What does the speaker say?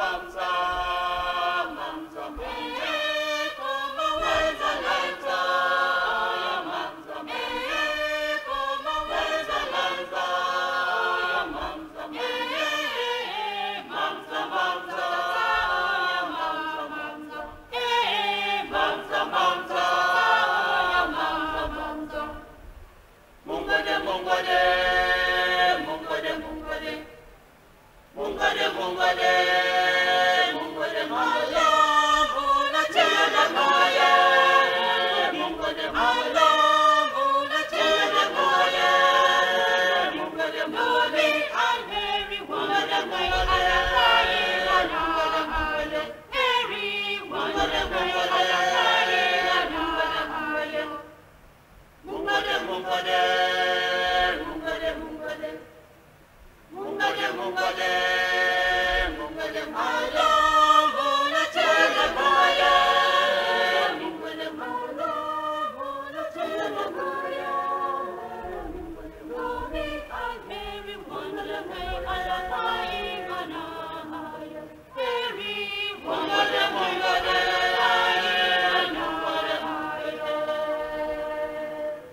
Bamsa.